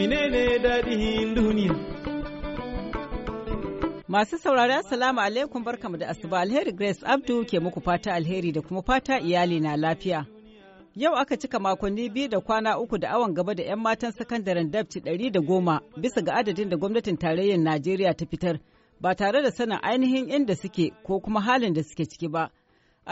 menene daɗin duniya. Masu saurari Assalamu alaikum barkamu da asuba alheri Grace Abdu ke muku fata alheri da kuma fata iyali na lafiya. Yau aka cika makonni biyu da kwana uku da awon gaba da 'yan matan sakandaren dabci ɗari da goma bisa ga adadin da gwamnatin tarayyar Najeriya ta fitar ba tare da sanin ainihin inda suke ko kuma halin da suke ciki ba.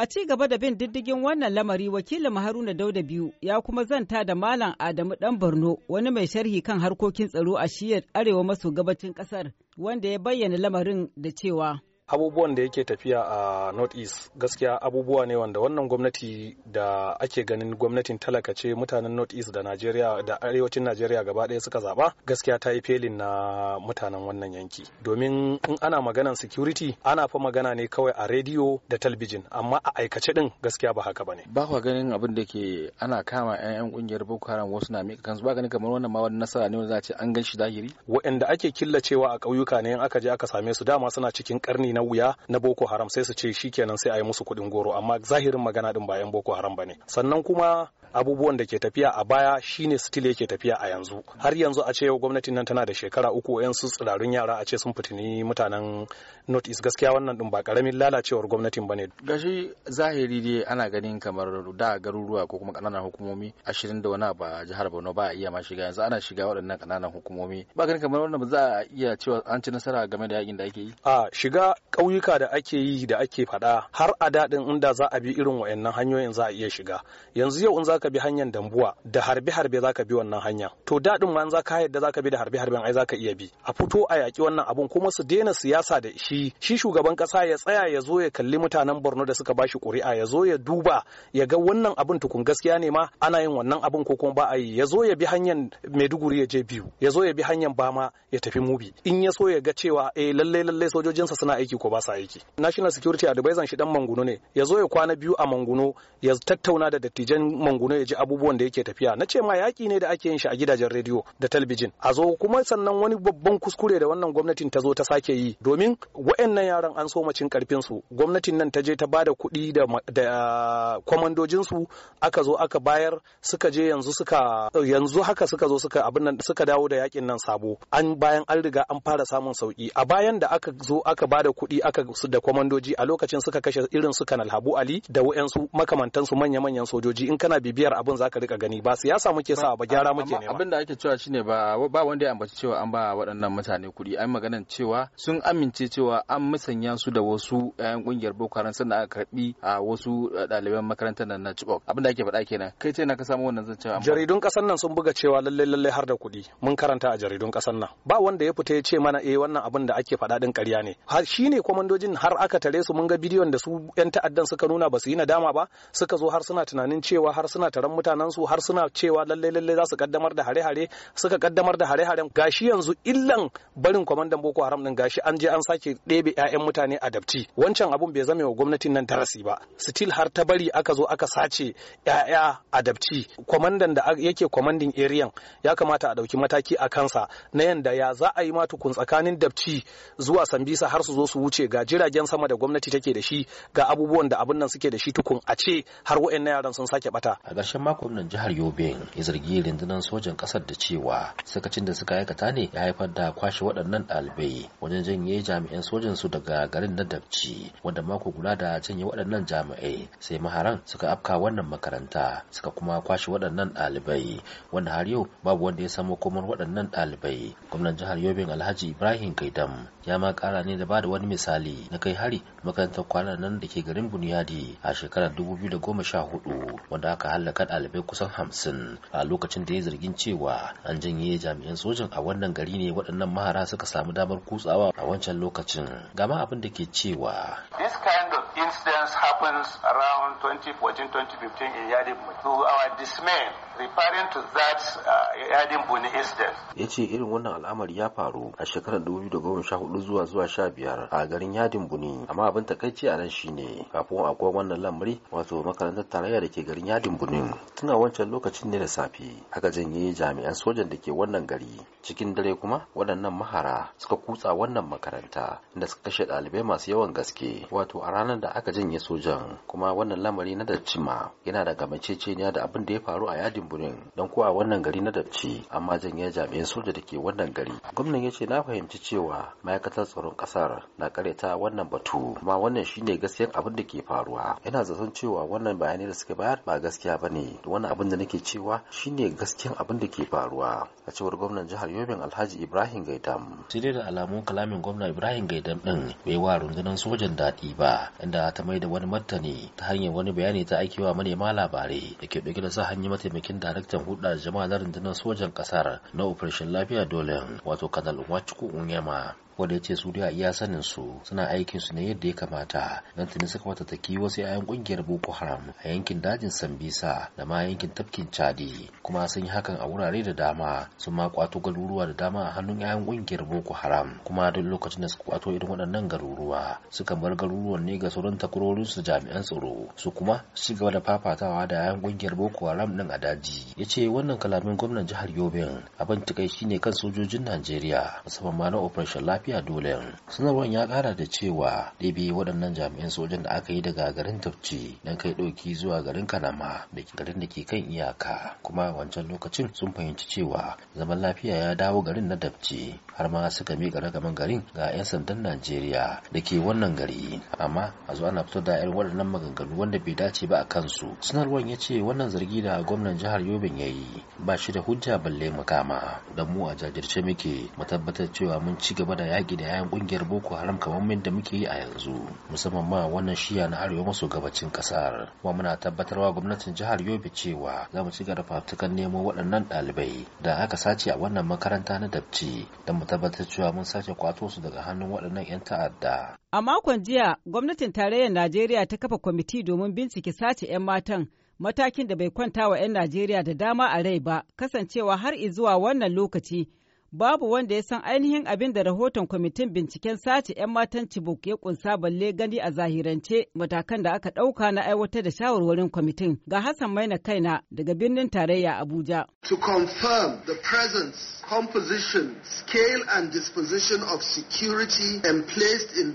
A ci gaba da bin diddigin wannan lamari wakilin Haruna Dauda biyu ya kuma zanta da Malam Adamu Dan Borno wani mai sharhi kan harkokin tsaro a shiyar arewa maso gabacin kasar wanda ya bayyana lamarin da cewa. abubuwan da yake tafiya a north east gaskiya abubuwa ne wanda wannan gwamnati da ake ganin gwamnatin talaka ce mutanen north east da najeriya da arewacin najeriya gaba ɗaya suka zaba gaskiya ta yi felin na mutanen wannan yanki domin in ana maganan security ana fa magana ne kawai a rediyo da talbijin amma a aikace din gaskiya ba haka bane ba kwa ganin abin da ke ana kama yan kungiyar boko haram wasu na mika kansu ba ganin kamar wannan ma wani nasara ne wanda za a ce an gan shi zahiri waɗanda ake killacewa a ƙauyuka ne in aka je aka same su dama suna cikin karni na wuya na boko haram sai su ce shikenan sai a yi musu kuɗin goro amma zahirin magana din ba yan boko haram bane sannan kuma abubuwan da ke tafiya a baya shine still yake tafiya a yanzu har yanzu a ce yau gwamnatin nan tana da shekara uku yan tsirarun yara a ce sun fitini mutanen north east gaskiya wannan din ba karamin lalacewar gwamnatin bane gashi zahiri dai ana ganin kamar da garuruwa ko kuma kananan hukumomi ashirin da wani ba jihar borno ba a iya ma shiga yanzu ana shiga waɗannan kananan hukumomi ba ganin kamar wannan ba za a iya cewa an ci nasara game da yakin da ake yi a shiga ƙauyuka da ake yi da ake faɗa har a daɗin inda za a bi irin wayannan hanyoyin za a iya shiga yanzu yau in zaka bi hanyar dambuwa da harbe harbe zaka bi wannan hanya to daɗin ma za ka yadda zaka bi da harbe harben ai zaka iya bi a fito a yaƙi wannan abun kuma su daina siyasa da shi shi shugaban ƙasa ya tsaya ya zo ya kalli mutanen Borno da suka bashi ƙuri'a ya zo ya duba ya ga wannan abun tukun gaskiya ne ma ana yin wannan abun ko kuma ba a yi ya zo ya bi hanyar Maiduguri ya je biyu ya zo ya bi hanyar Bama ya tafi Mubi in ya so ya ga cewa eh lalle lalle sojojinsa suna aiki ko ba sa aiki National Security Advisor shi dan Manguno ne ya zo ya kwana biyu a Manguno ya tattauna da dattijan Manguno Borno ya ji abubuwan da yake tafiya na ce ma yaƙi ne da ake yin shi a gidajen rediyo da talbijin a zo kuma sannan wani babban kuskure da wannan gwamnatin ta zo ta sake yi domin wa'annan yaran an so macin karfin su gwamnatin nan ta je ta bada kuɗi da da ah, komandojin su aka zo aka bayar suka je yanzu suka yanzu haka suka zo suka abin nan suka dawo da yakin nan sabo an bayan an riga an fara samun sauki a bayan da aka zo aka bada kuɗi aka su da kwamandoji a lokacin suka kashe irin su kanal Habu Ali da wa'ansu makamantan su manya-manyan sojoji in kana bibi biyar abin za ka rika gani ba siyasa muke sa ba gyara muke ba. abin da ake cewa shine ba ba wanda ya ambaci cewa an ba waɗannan mutane kuɗi an maganan cewa sun amince cewa an musanya su da wasu ƴan kungiyar Boko Haram sannan aka karbi a wasu ɗaliban makarantar nan na Chibok abin da ake faɗa kenan kai ce na ka samu wannan zancen jaridun ƙasar nan sun buga cewa lalle lalle har da kuɗi mun karanta a jaridun ƙasar nan ba wanda ya fita ya ce mana eh wannan abin da ake faɗa din ƙarya ne har shine kwamandojin har aka tare su mun ga bidiyon da su ƴan ta'addan suka nuna ba su yi nadama ba suka zo har suna tunanin cewa har suna suna taron mutanen su har suna cewa lalle lalle za su kaddamar da hare-hare suka kaddamar da hare-haren gashi yanzu illan barin kwamandan Boko Haram din gashi an je an sake ɗebe ƴaƴan mutane a dabci wancan abun bai zame wa gwamnatin nan darasi ba still har ta bari aka zo aka sace ƴaƴa a dabci kwamandan da yake kwamandin area ya kamata a dauki mataki a kansa na yanda ya za a yi ma tukun tsakanin dabci zuwa Sambisa har su zo su wuce ga jiragen sama da gwamnati take da shi ga abubuwan da abun nan suke da shi tukun a ce har wa'annan yaran sun sake bata Karshen makon nan jihar Yobe ya zargi rundunar sojan ƙasar da cewa sakacin da suka aikata ne ya haifar da kwashe waɗannan ɗalibai wajen janye jami'an sojan su daga garin na Dabci wanda mako guda da janye waɗannan jami'ai sai maharan suka afka wannan makaranta suka kuma kwashe waɗannan ɗalibai wanda har yau babu wanda ya samu komar waɗannan ɗalibai gwamnan jihar Yobe Alhaji Ibrahim Gaidam ya ma ƙara ne da ba da wani misali na kai hari makarantar kwanan nan da ke garin Bunyadi a shekarar 2014 wanda aka hallaka ɗalibai kusan hamsin a lokacin da ya zargin cewa an janye jami'an sojan a wannan gari ne waɗannan mahara suka samu damar kutsawa a wancan lokacin gama abin da ke cewa this kind of incidents happens around 2014-2015 in Yadimbu. To our dismay, referring to that uh, Yadimbu incident. Ya ce irin wannan al'amari ya faru a shekarar 2014 zuwa zuwa 15 a garin yadin buni Amma abin takaici a nan shine kafin akwai wannan lamari wato makarantar tarayya da ke garin yadin bunin. Tuna wancan lokacin ne da safe aka janye jami'an sojan da ke wannan gari. Cikin dare kuma waɗannan mahara suka kutsa wannan makaranta da suka kashe ɗalibai masu yawan gaske wato a ranar da da aka janye sojan kuma wannan lamari na ma yana da kamanceceniya da abin da ya faru a yadin burin don kuwa wannan gari na dabci amma janye jami'an soja da ke wannan gari gwamnan ya ce na fahimci cewa ma'aikatar tsaron kasar na kareta wannan batu kuma wannan shine gaskiya abin da ke faruwa yana zaton cewa wannan bayanai da suke bayar ba gaskiya ba ne wannan abin da nake cewa shine gaskiyan abin da ke faruwa a cewar gwamnan jihar yobin alhaji ibrahim gaidam sai da alamun kalamin gwamnan ibrahim gaidam din bai wa rundunar sojan daɗi ba inda da ta mai da wani martani ta hanyar wani bayani ta wa manema labarai da ke ɗauke da sa hanyar mataimakin daraktan hulɗa jama'a na rundunar sojan ƙasar na operation lafiya dole wato kanal Nwachukwu unyama wanda ya ce su da iya sanin su suna aikin su ne yadda ya kamata nan tuni suka watattaki wasu 'ya'yan kungiyar boko haram a yankin dajin sambisa da ma yankin tafkin chadi kuma sun yi hakan a wurare da dama sun ma kwato garuruwa da dama a hannun 'ya'yan kungiyar boko haram kuma duk lokacin da suka kwato irin waɗannan garuruwa suka bar garuruwan ne ga sauran takurorinsu su jami'an tsaro su kuma ci gaba da fafatawa da 'ya'yan kungiyar boko haram din a daji ya ce wannan kalamin gwamnan jihar yobin abin takai shine kan sojojin najeriya musamman ma na operation lafiya lafiya dole sanarwar ya kara da cewa ɗebe waɗannan jami'an sojan da aka yi daga garin tafci don kai ɗauki zuwa garin kanama da garin da ke kan iyaka kuma wancan lokacin sun fahimci cewa zaman lafiya ya dawo garin na tafci har ma suka miƙa ragaman garin ga 'yan sandan najeriya da ke wannan gari amma a zo ana fitar da 'yan waɗannan maganganu wanda bai dace ba a kansu sanarwar ya ce wannan zargi da gwamnan jihar yobin ya yi ba shi da hujja balle kama, don mu a jajirce muke mu tabbatar cewa mun ci gaba da yaƙi da yayan ƙungiyar boko haram kamar da muke yi a yanzu musamman ma wannan shiya na arewa maso gabacin ƙasar kuma muna tabbatarwa gwamnatin jihar yobe cewa za mu ci gaba fafutukan nemo waɗannan ɗalibai da aka sace a wannan makaranta na dabci don mu tabbatar cewa mun sace kwato su daga hannun waɗannan 'yan ta'adda. a makon jiya gwamnatin tarayyar najeriya ta kafa kwamiti domin bincike sace 'yan matan matakin da bai kwanta wa 'yan Najeriya da dama a rai ba, kasancewa har izuwa wannan lokaci babu wanda ya san ainihin abin da rahoton kwamitin binciken sace 'yan matan Chibok ya kunsa balle gani a zahirance matakan da aka ɗauka na aiwatar da shawarwarin kwamitin ga Hassan Maina Kaina daga birnin tarayya Abuja. To confirm the presence, composition, scale and disposition of security emplaced in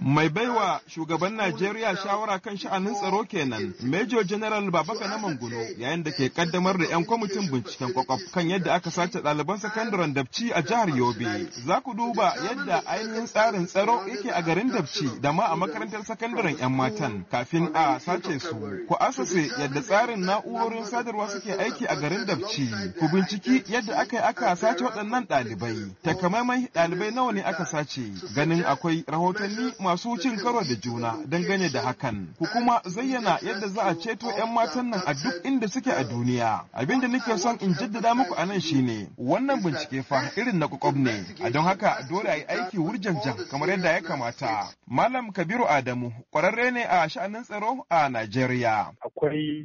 Mai baiwa shugaban Najeriya shawara kan sha'anin tsaro kenan Major General Babaka na Manguno yayin da ke kaddamar da 'yan kwamitin binciken kwakwaf kan yadda aka sace ɗaliban sakandaren da Dabci a jihar Yobe za ku duba yadda ainihin tsarin tsaro yake a garin Dabci da ma a makarantar sakandaren 'yan matan kafin a sace su. Ku asase yadda tsarin na'urorin sadarwa suke aiki a garin Dabci. Ku binciki yadda aka yi aka sace waɗannan ɗalibai. Takamaiman ɗalibai nawa ne aka sace ganin akwai rahotanni masu cin karo da juna dangane da hakan. Ku kuma zayyana yadda za a ceto 'yan matan nan a duk inda suke a duniya. Abin da nake son in jaddada muku a nan shine wannan bincike fa irin na kukob ne a don haka dole a yi aiki wurjanjan kamar yadda ya kamata malam kabiru adamu kwararre ne a sha'anin tsaro a najeriya akwai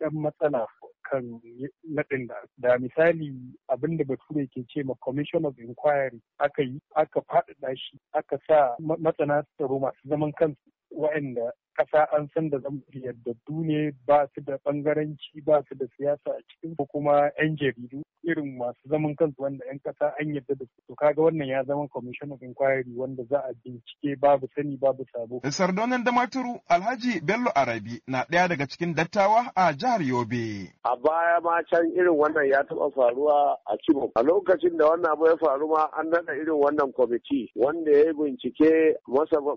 ɗan matsala kan naɗin da da misali abin da bature ke ce ma commission of inquiry aka yi aka faɗaɗa shi aka sa matsana tsaro masu zaman kansu waɗanda ƙasa an san da zama yaddadu ne ba su da bangaranci ba su da siyasa a cikin ko kuma 'yan jaridu irin masu zaman kansu wanda 'yan kasa an yadda da su to kaga wannan ya zama commission of inquiry wanda za a bincike babu sani babu sabo. Sardonan Damaturu Alhaji Bello Arabi na ɗaya daga cikin dattawa a jihar Yobe. A baya ma can irin wannan ya taɓa faruwa a Cibo. A lokacin da wannan abu ya faru ma an naɗa irin wannan kwamiti wanda ya yi bincike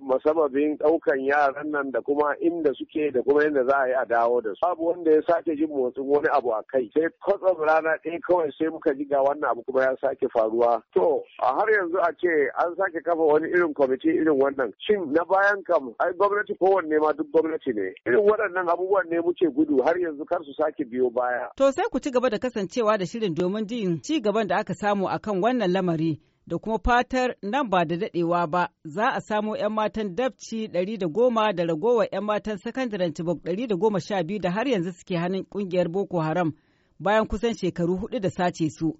masababin ɗaukan yaran nan da kuma inda suke da kuma yadda za a yi a dawo da su babu wanda ya sake jin motsin wani abu a kai sai kwatsam rana ɗaya kawai sai muka ji ga wannan abu kuma ya sake faruwa to a har yanzu a ce an sake kafa wani irin kwamiti irin wannan shin na bayan kam ai gwamnati kowanne ma duk gwamnati ne irin waɗannan abubuwan ne muke gudu har yanzu kar su sake biyo baya to sai ku ci gaba da kasancewa da shirin domin jin ci gaban da aka samu akan wannan lamari da kuma fatar nan ba da daɗewa ba za a samo 'yan matan dabci 110 da ragowa 'yan matan sakandaren tibok 112 da har yanzu suke hannun ƙungiyar boko haram bayan kusan shekaru hudu da sace su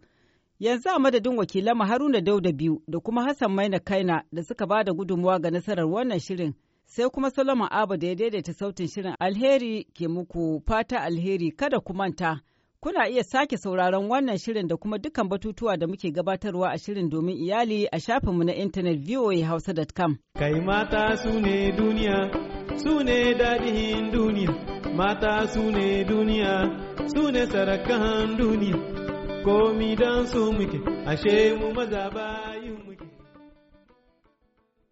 yanzu a madadin wakilan haruna dauda biyu da kuma hassan maina kaina da suka ba da gudunmuwa ga nasarar wannan shirin sai kuma solomon abu da ya daidaita sautin shirin alheri ke muku fata alheri kada ku manta. Kuna iya sake sauraron wannan shirin da kuma dukkan batutuwa da muke gabatarwa a shirin domin iyali a shafinmu na intanet voahausa.com. Kai mata su ne duniya, su ne daɗin duniya, mata su ne duniya, su ne sarakan duniya, komi don su muke, ashe mu maza baya.